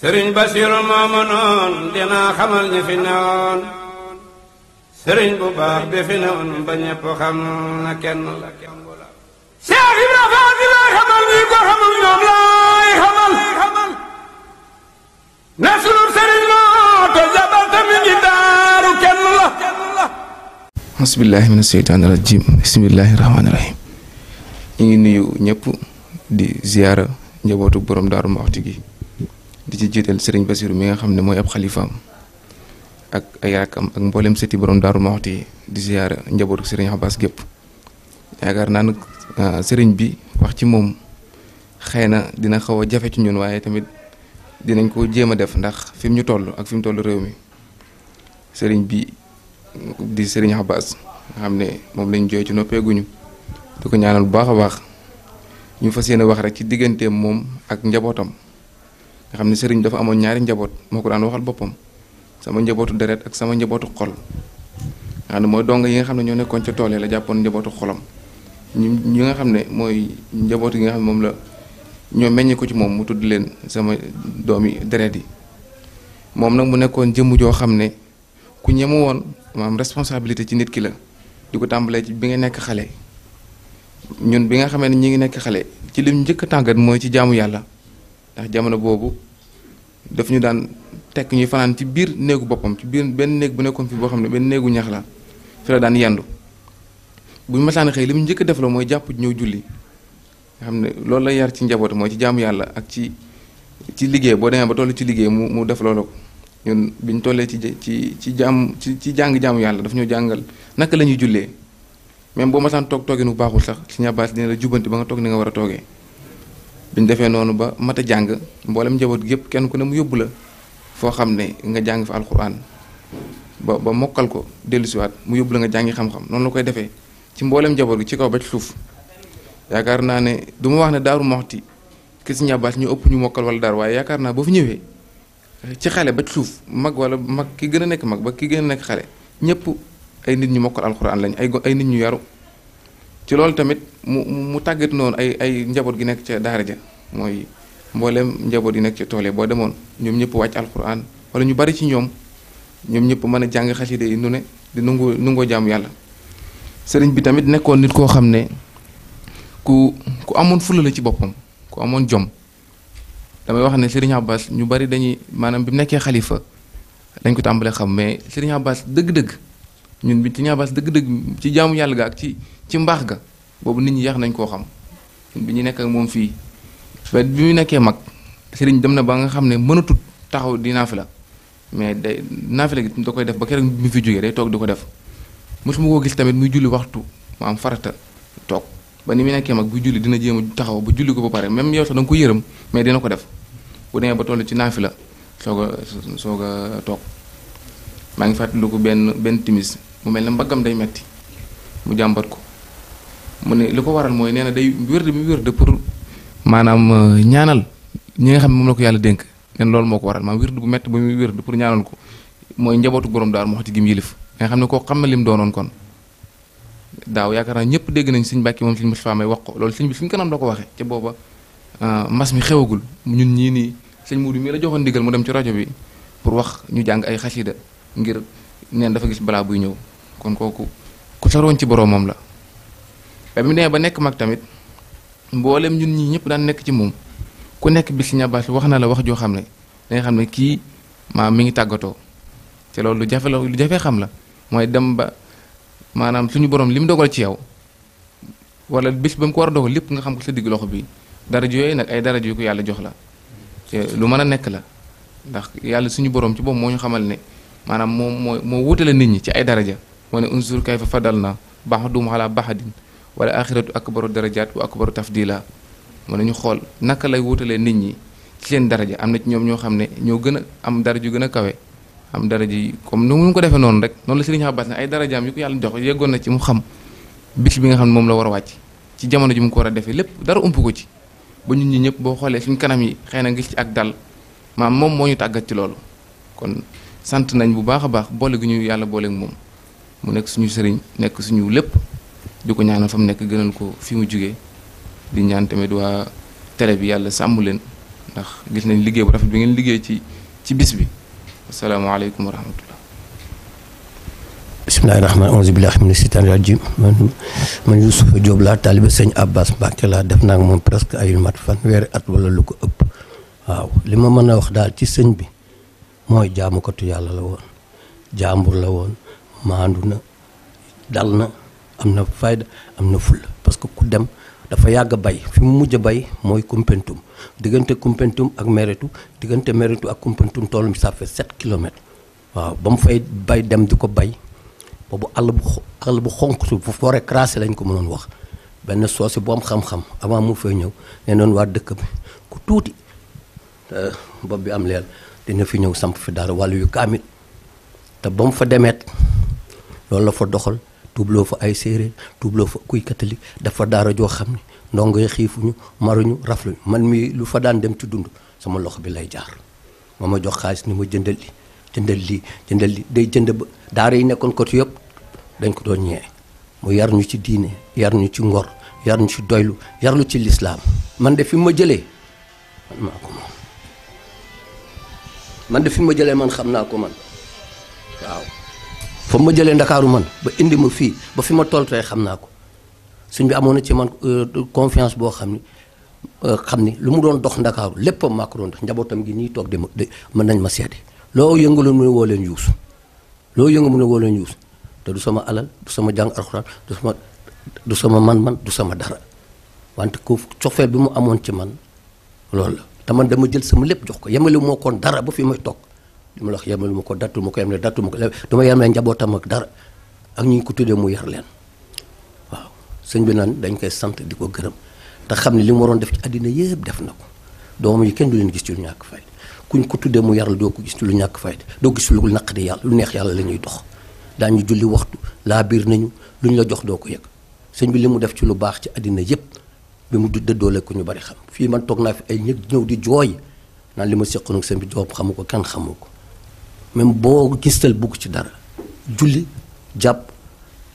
sëriñ basiru mamanon dina xamal ni fi neewon sëriñ bu baax bi fi neewon ba ñepp xam na kenn la Cheikh Ibra Faal bi lay xamal ni ko xamul ñoom laay xamal ne sunu sëriñ moo to jabal tamit ngi daru kenn la bismillahi min seytaani rajim bismillahir rahmanir rahim ñi nuyu ñepp di ziyara njabotu borom daru Muxti gi di ci jiital sëriñ basiiru mi nga xam ne mooy ab xalifaam ak ay rakkam ak mboolem sëti borom daaru Moxti di ziyaara njabootu sëriñ Abbas gépp yaakaar naa nag ah, sëriñ bi wax ci moom xëy na dina xaw a jafe ci ñun waaye tamit dinañ ko jéem a def ndax fi ñu toll ak fi mu toll réew mi sëriñ bi di sëriñ Abbas nga xam ne moom lañ jooy ci noppeeguñu di ko ñaanal bu baax a baax ñu fa yéene wax rek ci digganteem moom ak njabootam. nga xam ne sëriñ dafa amoon ñaari njaboot moo ko daan waxal boppam sama njabootu deret ak sama njabootu xol nga xam ne mooy dong yi nga xam ne ñoo nekkoon ca tool la jàppoon njabootu xolam ñi nga xam ne mooy njaboot yi nga xam ne moom la ñoo meññi ko ci moom mu tudd leen sama doomi deret yi moom nag mu nekkoon jëmm joo xam ne ku ñemu woon maam responsabilité ci nit ki la di ko tàmbalee ci bi nga nekk xale ñun bi nga xamee ne ñi ngi nekk xale ci lim njëkk a mooy ci jaamu yàlla ndax jamono boobu def ñu daan tek ñuy fanan ci biir neegu boppam ci biir benn neeg bu nekkoon fi boo xam ne benn néegu ñax la fi la daan yendu bu ñu masaan xëy li mu njëkk def la mooy jàpp ñëw julli xam ne loolu la yar ci njaboot mooy ci jaamu yàlla ak ci ci liggéey boo demee ba toll ci liggéey mu mu def loolu ko ñun biñ tollee ci ci ci jaam ci ci jàng jaamu yàlla daf ñoo jàngal naka la ñuy jullee même boo masaan toog toogin bu baaxul sax ci ñabaas dina la jubanti ba nga toog ni nga war a toogee bi ñu defee noonu ba mat a jàng mboolem njaboot gi yëpp kenn ku ne mu yóbbu la foo xam ne nga jàng fa alxuraan ba ba mokkal ko dellusiwaat mu yóbbu la nga jàngi xam-xam noonu la koy defee ci mboolem njaboot gi ci kaw ba ci suuf yaakaar naa ne du ma wax ne daaru moxti ki si ñabaat ñu ëpp ñu mokkal wala daar waaye yaakaar naa boo fi ñëwee ci xale ba ci suuf mag wala mag ki gën a nekk mag ba ki gën a nekk xale ñëpp ay nit ñu mokkal alxuraan lañ ay ay nit ñu yaru ci loolu tamit mu mu tàggat noonu ay ay njaboot gi nekk ca daara ja mooy mboolem njaboot yi nekk ci tool yi boo demoon ñoom ñëpp wàcc alquran wala ñu bari ci ñoom ñoom ñëpp mën a jàng xasida yi nu ne di nungu nungoo jaamu yàlla sëriñ bi tamit nekkoon nit koo xam ne ku ku amoon fulla la ci boppam ku amoon jom damay wax ne sëriñ Abbas ñu bari dañuy maanaam bi nekkee xalifa dañ ko tàmbalee xam mais sëriñ Abbas dëgg-dëgg ñun bi sëriñ Abbas ci jaamu yàlla ga ak ci ci mbaax ga boobu nit ñi yàq nañ koo xam bi ñu nekk ak moom fii ba bi mu nekkee mag sëriñ dem na ba nga xam ne mënatul taxaw di la mais day naafi gi da koy def ba keroog mu fi jógee day toog di ko def mosuma koo gis tamit muy julli waxtu mu am farata toog ba ni mu nekkee mag bu julli dina jéem taxaw ba julli ko ba pare même yow sax da nga ko yërëm mais dina ko def bu demee ba toll ci naafila soog a soog a toog maa ngi fàttaliku benn benn timis mu mel ne mbaggam day metti mu jàmbat ko mu ne li ko waral mooy ne na day wér mu wér de pour. manam euh, ñaanal ñi nga xamne mom la ko yalla denk ñen lool moko waral maanaam wirdu bu metti bu muy wirdu pour ñaanal ko moy njabotu borom daaru mo xati gim yelif nga xamne ko koo xam na lim doonon kon daaw yaakaar naa ñëpp dégg nañ seigne bakki mom seigne mustafa may wax ko lool seigne bi fi kanam la waxe ci boba euh mas mi xewagul ñun ñi ni seigne Muudu mi la joxon digal mu dem ci radio bi pour wax ñu jang ay khassida ngir neen dafa gis bala bu ñew kon koku ku saroon ci mom la ba ba nek mak tamit mbooleem ñun ñii ñëpp daan nekk ci moom ku nekk bi si ñabaas wax na la wax joo xam ne da xam ne kii maam mi ngi tàggatoo te loolu lu jafe lu jafee xam la mooy dem ba maanaam suñu borom li mu dogal ci yow wala bis ba mu ko war a dogal lépp nga xam ko sa diggu loxo bi darajo yooyu nag ay darajo yu ko yàlla jox la te lu mën a nekk la ndax yàlla suñu borom ci boobu moo ñu xamal ne maanaam moom moo moo wutale nit ñi ci ay daraja moo ne unsur kay fa fadal na baax duum xalaa baaxadin wala axiratu akbaru darajaat wa akbaru tafdila mën nañu xool naka lay wutalee nit ñi ci seen daraja am na ci ñoom ñoo xam ne ñoo gën a am daraja yu gën a kawe am daraja yi comme nu mu ko defee noonu rek noonu la Sëriñ Abbas ne ay darajaam yu ko yàlla jox yeggoon na ci mu xam bis bi nga xam ne moom la war a wàcc ci jamono ji mu ko war a defee lépp dara ump ko ci ba ñun ñi ñëpp boo xoolee suñ kanam yi xëy na gis ci ak dal maam moom moo ñu tàggat ci loolu kon sant nañ bu baax a baax boole yàlla booleeg moom mu nekk suñu sëriñ nekk suñu lépp diko ñaanal fam nek gënal ko fi mu juggé di ñaan tamit wa télé bi yalla sàmm leen ndax gis nañ liggéey bu rafet bi ngeen liggéey ci ci bis bi alaykum wa rahmatullah rahmanir rahim auzu billahi minash shaitanir rajim man man yusuf job la talib seigne abbas mbacke la def nak mom presque ayul mat fan wéré at wala lu ko upp waaw lima mëna wax dal ci bi ko tu yalla la won jaambur la won maandu dalna am na fayda am na fulla parce que ku dem dafa yàgg bay fi mu mujj bay mooy Koumpentoum diggante Koumpentoum ak Meretu diggante Meretu ak Koumpentoum toolam mu fait 7 kilomètres waaw ba mu fay bay dem di ko bay boobu àll bu àll bu xonk su forêt classée lañ ko mënoon wax benn soose bu am xam-xam avant mu fay ñëw ne noonu waa dëkk bi ku tuuti euh, bopp bi am leel dina fi ñëw samp fi dara wàllu yu kaamit te ba mu fa demeet loolu la fa doxal tubloo fa ay séeréer tubloo fa kuy catholique dafa daara joo xam ne ndongo yi xiifuñu maruñu rafluñu man mi lu fa daan dem ci dund sama loxo bi lay jaar moo ma jox xaalis ni ma jëndal li jëndal li jëndal li day jënd ba daara yi nekkoon ko ci yëpp dañ ko doon ñee mu yar ci diine yar ñu ci ngor yar ñu ci doylu yar ñu ci lislaam man def fi ma jëlee man maa ko moom man de fi ma jëlee man xam naa ko man waaw fa ma jëlee man ba indi ma fi ba fi ma toll tay xamna ko suñ bi amoon ci man euh, confiance bo xamni euh, xamni ni lu mu doon dox dakaru lepp ma ko doon dox njabootam gi ni tok de man nañ ma lo loo yëngalu mu ne woo yuus yëngu mu ne yuus du sama alal du sama jang alxuraan du sama du sama man-man du sama dara wante ko cofeel bi mu amone ci man loolu la te man dama jël sama lepp jox ko yemale mo kon dara ba fi may tok li ma la wax yemaluma ko ma ko yemale dattuma ko dama yemale njabootam ak dara ak ñu ko tuddee mu yar leen waaw sëñ bi naan dañ koy sant di ko gërëm te xam ne li mu waroon def ci àddina yëpp def na ko doomam yi kenn du leen gis ñàkk fayda kuñ ko tuddee mu yar la doo ko gis ci lu ñàkk fayda doo gis lu naq di yàlla lu neex yàlla la ñuy dox ñu julli waxtu laa biir nañu lu ñu la jox doo ko yëg sëñ bi li mu def ci lu baax ci àddina yëpp bi mu dëddoole ku ñu bari xam fii man toog naa fi ay ñëg ñëw di jooy naan li ma seqoon ak sëñ bi joob xamu ko kenn xamu ko même boo gistal bugg ci dara julli jàpp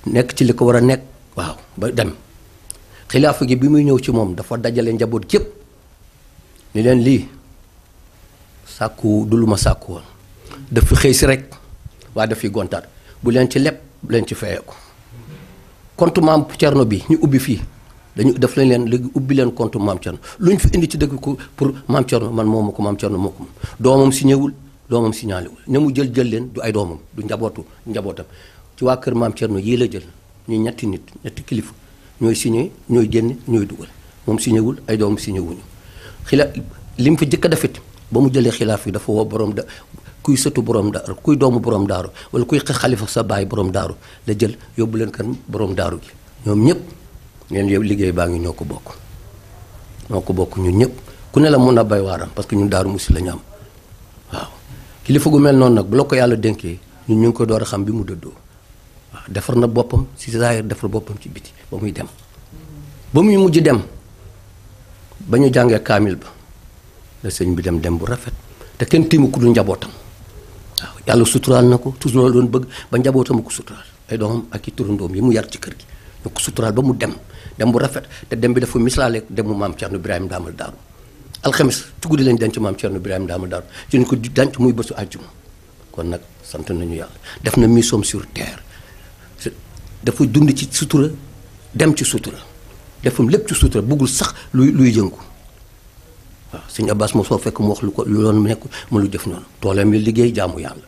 nekk ci li ko war a nekk waaw ba dem xilaafa gi bi muy ñëw ci moom dafa dajale njaboot yépp ni leen lii sàkku du lu ma sàkku woon daf fi xëy si rek waa def fi gontaat bu leen ci lepp bu leen ci feyeeku compte maam Cerno bi ñu ubbi fii dañu def lañ leen léegi ubbi leen compte maam Cerno lu ñu fi indi ci dëgg ko pour maam Cerno man moomu ko maam Cerno moo ko doomam si ñëwul doomam signalé wul ne mu jël jël leen du ay doomam du njabootu njabootam ci waa kër maam Thierno yii la jël ñu ñetti nit ñetti kilifa ñooy signé ñooy génn ñooy dugal moom signé ay doomam signé wuñu xila li mu fi jëkk a ba mu jëlee xilaaf yi dafa woo borom da kuy sëtu borom daaru kuy doomu borom daaru wala kuy xalifa sa baay borom daaru la jël yóbbu leen kan borom daaru gi ñoom ñëpp leen yow liggéey baa ngi ñoo ko bokk ñoo ko bokk ñun ñëpp ku ne la mun a bay waaram parce que ñun daaru musi la ñam kilifa gu mel noonu nag bu la ko yàlla dénkee ñun ñu ngi ko door a xam bi mu dëddoo waaw defar na boppam si zaahir defar boppam ci biti ba muy dem ba muy mujj dem ba ñu jàngee kaamil ba la sëñ bi dem dem bu rafet te kenn tiimu ku dul njabootam waaw yàlla suturaal na ko toujours la doon bëgg ba njabootam ko suturaal ay doomam ak turandoom yi mu yar ci kër gi ñu ko suturaal ba mu dem dem bu rafet te dem bi dafa dem mu maam Thierno Ibrahima daamal daaru alxames ci guddi lañ denc maam Thierno Birahim Ndaama Daaru ci ñu ko denc muy bésu àjjuma kon nag sant nañu yàlla def na mission sur terre dafa dund ci sutura dem ci sutura defam lépp ci sutura bëggul sax luy luy yëngu waaw sëñ Abbas moom soo fekk mu wax lu ko lu yoon nekk mu lu def noonu toolam yi liggéey jaamu yàlla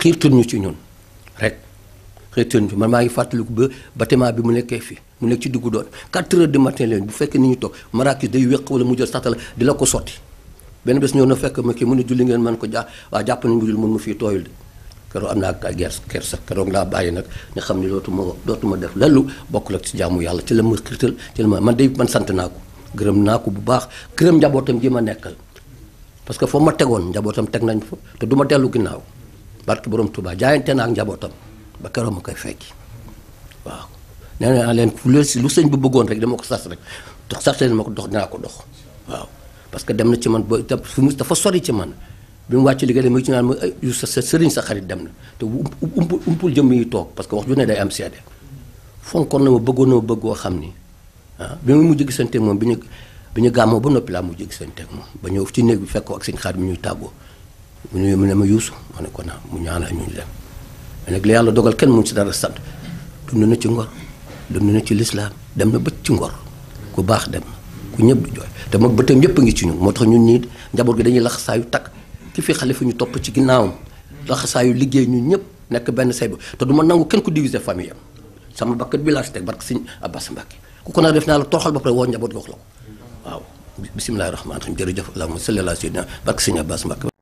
xiirtal ñu ci ñun rek retenue bi man maa ngi fàttaliku ba bâtiment bi mu nekkee fi mu nekk ci dugg doon 4 heures du matin leen bu fekkee ni ñu toog marakis day wéq wala mu jël di la ko sotti benn bés ñëw na fekk ma kii mu ne julli ngeen man ko jaa waa jàpp nañ mu jul mun mu fii tooyul de keroog am naa gers kersa keroog laa bàyyi nag nga xam ne dootuma dootuma def lalu bokkul ak si jaamu yàlla ci la ma xirtal ci la ma man day man sant naa ko gërëm naa ko bu baax njabootam ji ma nekkal parce que foo ma tegoon njabootam teg nañ fa te du dellu ginnaaw barke borom Tuubaa jaayante naa ak njabootam ba keroog ma koy fekki waaw nee naa leen lu sëñ bu bëggoon rek dama ko sas rek dox leen ma ko dox dinaa ko dox waaw parce que dem na ci man ba fi mu dafa sori ci man bi mu wàcc liggéey mu ci naan ma yu sa sa sëriñ sa xarit dem na te umpul umpul jëmm yi toog parce que wax ju day am seede fonkoon na ma bëggoon na ma bëggoo xam ni ah bi mu mujj gisante moom bi ñu bi ñu gàmmoo ba noppi laa mujj gisante ak moom ba ñëw ci néeg bi fekkoo ko ak sëñ xaar bi ñuy tàggoo mu ne mu ne ma yuusu ma ne ko naa mu ñaanal ñu dem nag la dogal ken mu ci dara sant dum na ci ngor dum na ci l'islam dem na becc ngor ku bax dem ku ñepp du joy te mag bëtam ñepp ngi ci ñun moo tax ñun ni njaboot gi dañuy laxasaayu tak ki fi khalifa ñu top ci ginnaawam liggey ñun ñepp nek ben te duma nangu kenn ku diviser famille am sama bakkat bi laa tek bark Abbas Mbacke ku ko naa def na la toxal ba pare wo njaboot gi wax la waaw bismillahir rahmanir rahim allahumma salli ala sayyidina bark Abbas Mbacke